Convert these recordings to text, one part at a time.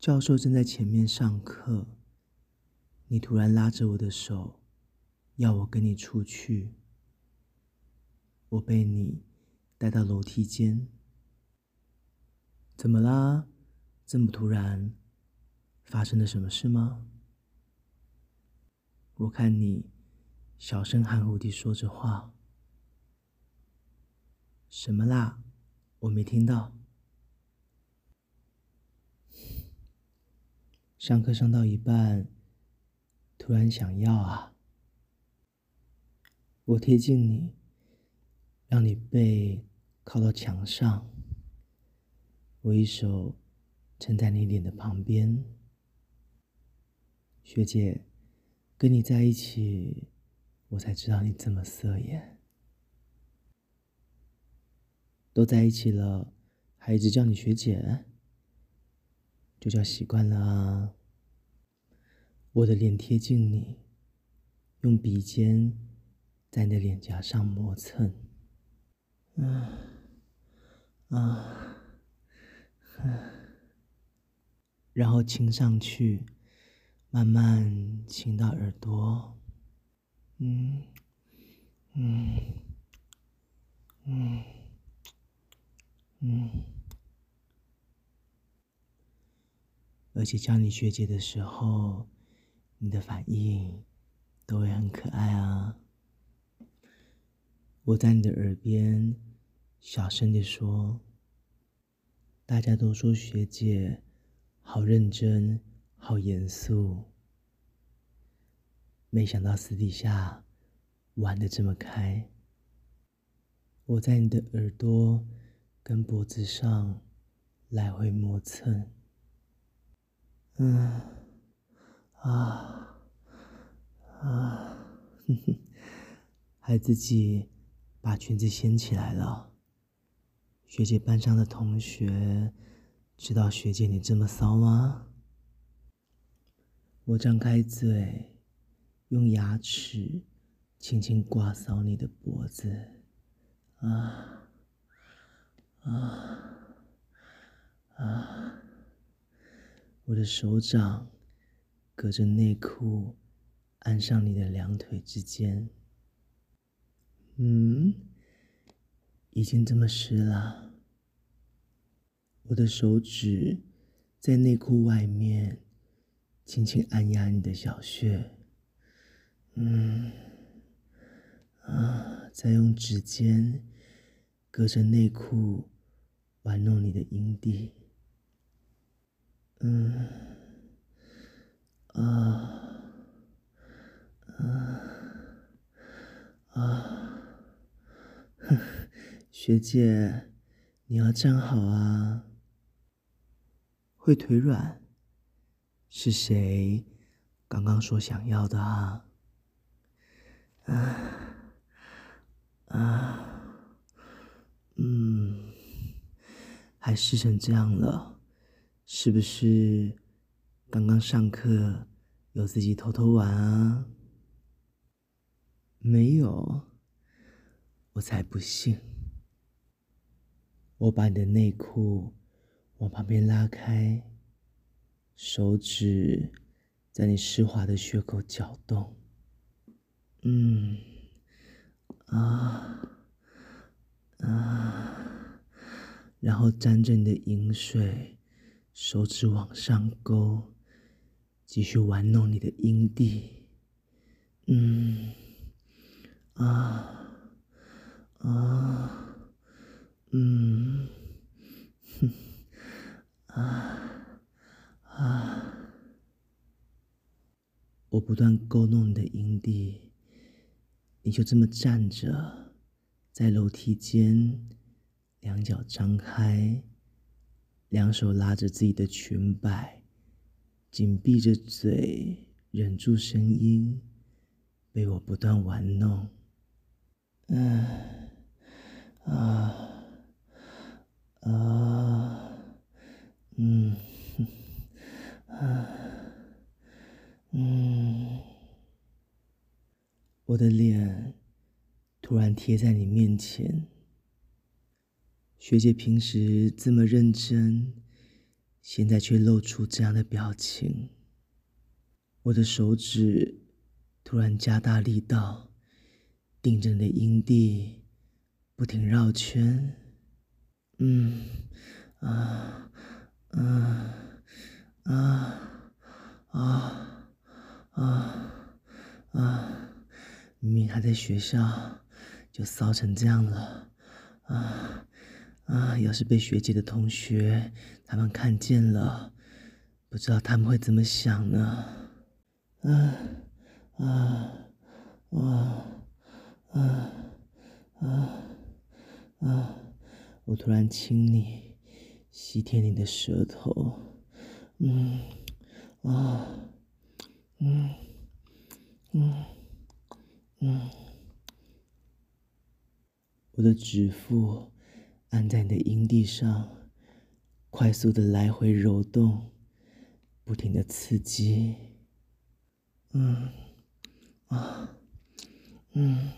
教授正在前面上課，你突然拉着我的手，要我跟你出去。我被你帶到樓梯間。怎麼啦？這麼突然，發生了什麼事嗎？我看你小聲含糊地說着話。什麼啦？我沒聽到。上課上到一半，突然想要啊！我貼近你，讓你背靠到牆上，我一手撐在你臉的旁邊。學姐，跟你在一起，我才知道你這麼色眼。都在一起了，還一直叫你學姐。就叫習慣了啊！我的臉貼近你，用鼻尖在你的臉頰上磨蹭，嗯、啊，啊，嗯，然後親上去，慢慢親到耳朵，嗯，嗯，嗯，嗯。而且叫你學姐的時候，你的反應都會很可愛啊。我在你的耳邊小聲地說：“大家都說學姐好認真、好嚴肅，沒想到私底下玩得這麼開。”我在你的耳朵跟脖子上來回磨蹭。嗯，啊啊，哼哼，還自己把裙子掀起來了。學姐班上的同學知道學姐你這麼騷嗎？我張開嘴，用牙齒輕輕刮掃你的脖子，啊。我的手掌隔着內褲按上你的兩腿之間，嗯，已經這麼濕了。我的手指在內褲外面輕輕按壓你的小穴，嗯，啊，再用指尖隔着內褲玩弄你的陰蒂。嗯啊啊啊哼！學姐，你要站好啊，會腿軟。是誰剛剛說想要的啊？啊，啊嗯，還濕成這樣了。是不是剛剛上課有自己偷偷玩啊？沒有，我才不信。我把你的內褲往旁邊拉開，手指在你濕滑的穴口攪動，嗯，啊啊，然後沾着你的淫水。手指往上勾，繼續玩弄你的陰蒂，嗯，啊，啊，嗯，哼，啊，啊，我不斷勾弄你的陰蒂，你就這麼站着，在樓梯間，兩腳張開。兩手拉着自己的裙擺，緊閉着嘴，忍住聲音，被我不斷玩弄。嗯，啊，啊，嗯呵呵，啊，嗯，我的臉突然貼在你面前。學姐平時這麼認真，現在卻露出這樣的表情。我的手指突然加大力道，盯着你的陰蒂不停繞圈。嗯，啊，嗯，啊，啊，啊，啊，啊！明明還在學校，就騷成這樣了啊！啊！要是被學姐的同學他們看見了，不知道他們會怎麼想呢？啊啊啊啊啊啊！我突然親你，吸舔你的舌頭，嗯啊嗯嗯嗯，我的指腹。按在你的陰蒂上，快速的來回揉動，不停的刺激，嗯，啊，嗯。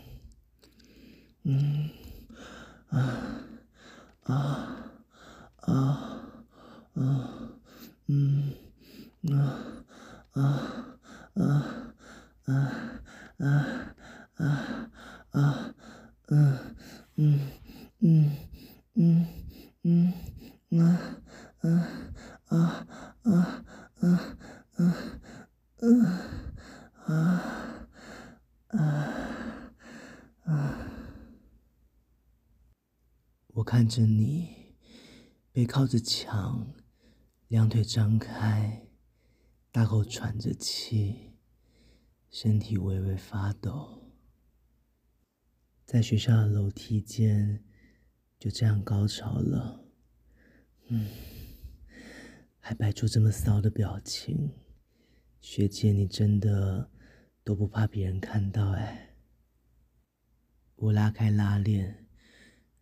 看着你背靠着牆，兩腿張開，大口喘着氣，身體微微發抖，在學校的樓梯間就這樣高潮了，嗯，還擺出這麼騷的表情，學姐你真的都不怕別人看到哎？我拉開拉鏈。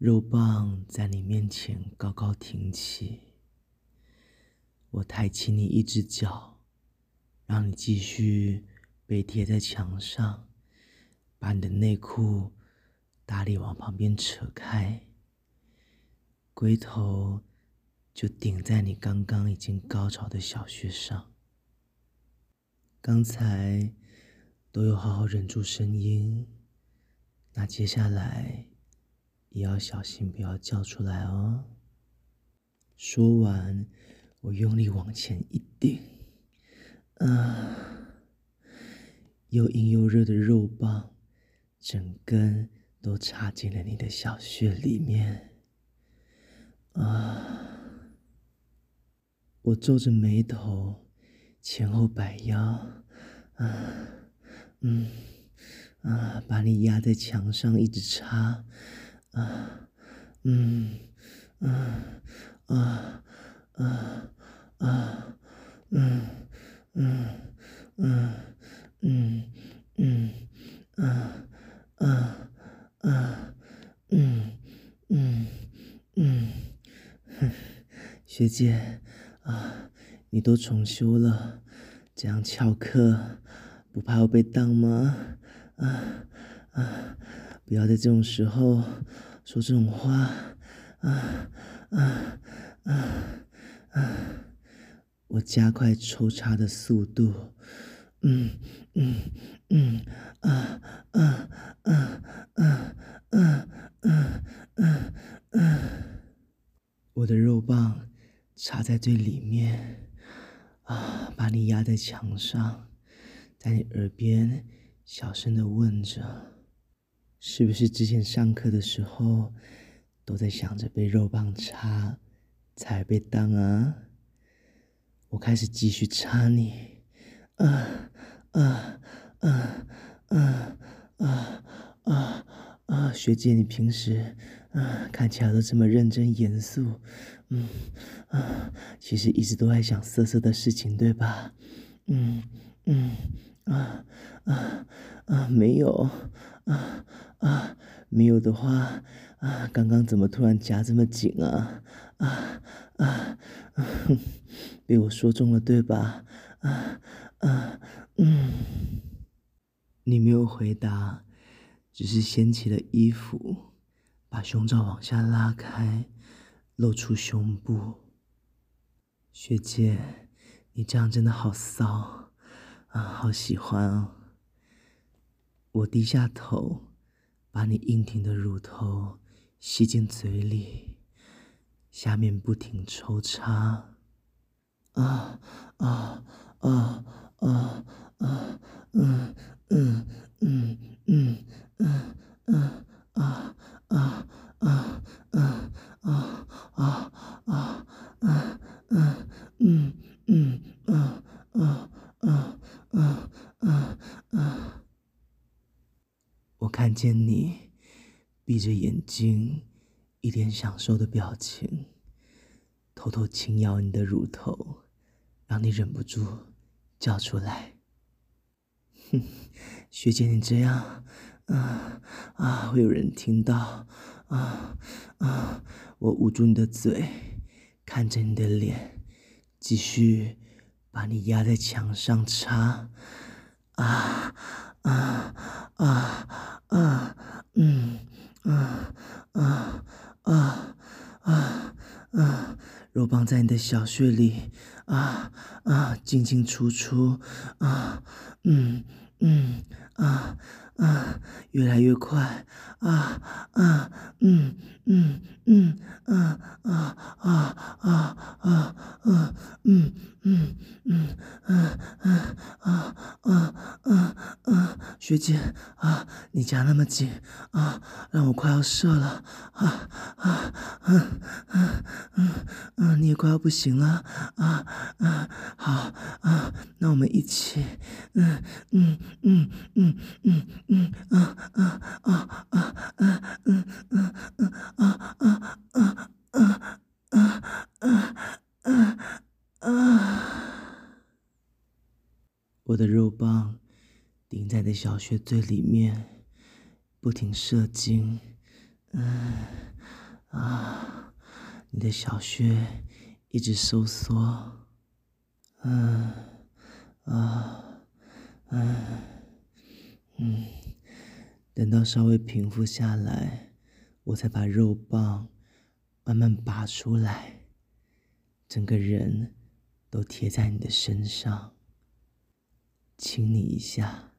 肉棒在你面前高高挺起，我抬起你一只腳，讓你繼續背貼在牆上，把你的內褲大力往旁邊扯開，龜頭就頂在你剛剛已經高潮的小穴上。剛才都有好好忍住聲音，那接下來。也要小心，不要叫出來哦。說完，我用力往前一頂，啊，又硬又熱的肉棒，整根都插進了你的小穴裡面。啊，我皺着眉頭，前後擺腰，啊，嗯，啊，把你壓在牆上，一直插。啊，嗯，啊，啊，啊，啊、嗯，嗯，嗯、啊，嗯，嗯，嗯，啊，啊，啊，嗯，嗯，嗯，哼學姐，啊，你都重修了，這樣翹課，不怕被當嗎？啊，啊。不要在這種時候說這種話，啊啊啊啊！我加快抽插的速度，嗯嗯嗯啊啊啊啊啊啊啊！我的肉棒插在最裡面，啊，把你壓在牆上，在你耳邊小聲的問着。是不是之前上課的時候都在想着被肉棒插才被當啊？我開始繼續插你，啊啊啊啊啊啊啊！學姐，你平時啊看起來都這麼認真嚴肅，嗯啊，其實一直都在想色色的事情對吧？嗯嗯啊啊啊，沒有啊。啊，沒有的話，啊，剛剛怎麼突然夾這麼緊啊？啊啊，啊，被我說中了，對吧？啊啊，嗯，你沒有回答，只是掀起了衣服，把胸罩往下拉開，露出胸部。學姐，你這樣真的好騷，啊，好喜歡啊，哦！我低下頭。把你硬挺的乳頭吸進嘴裡，下面不停抽插，啊啊啊啊啊嗯嗯嗯嗯嗯啊啊啊啊啊啊啊啊嗯嗯嗯嗯啊啊啊。我看見你閉着眼睛，一臉享受的表情，偷偷輕咬你的乳頭，讓你忍不住叫出來。哼，學姐你這樣，啊啊會有人聽到，啊啊！我捂住你的嘴，看着你的臉，繼續把你壓在牆上插，啊啊啊！啊啊，嗯，啊，啊，啊，啊，啊，肉棒在你的小穴裡，啊啊，進進出出，啊，嗯嗯，啊啊，越來越快，啊啊，嗯嗯嗯啊啊啊啊啊嗯嗯嗯啊啊啊啊啊，學姐。你夾那麼緊啊，讓我快要射了啊啊啊啊！啊，啊，你也快要不行了啊啊！好啊，那我們一起嗯嗯嗯嗯嗯嗯啊啊啊啊啊啊啊啊啊啊！我的肉棒頂在那小穴最裡面。不停射精，嗯、呃，啊，你的小穴一直收縮，嗯、呃啊，啊，嗯，等到稍微平復下來，我才把肉棒慢慢拔出來，整個人都貼在你的身上，親你一下，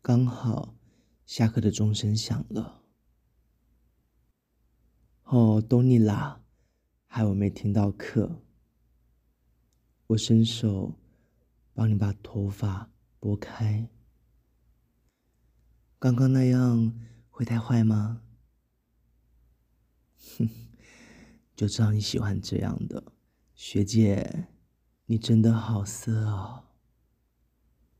剛好，下課的鐘聲響了，哦，都你啦，害我沒聽到課。我伸手幫你把頭髮撥開，剛剛那樣會太壞嗎？哼， 就知道你喜歡這樣的學姐，你真的好色哦。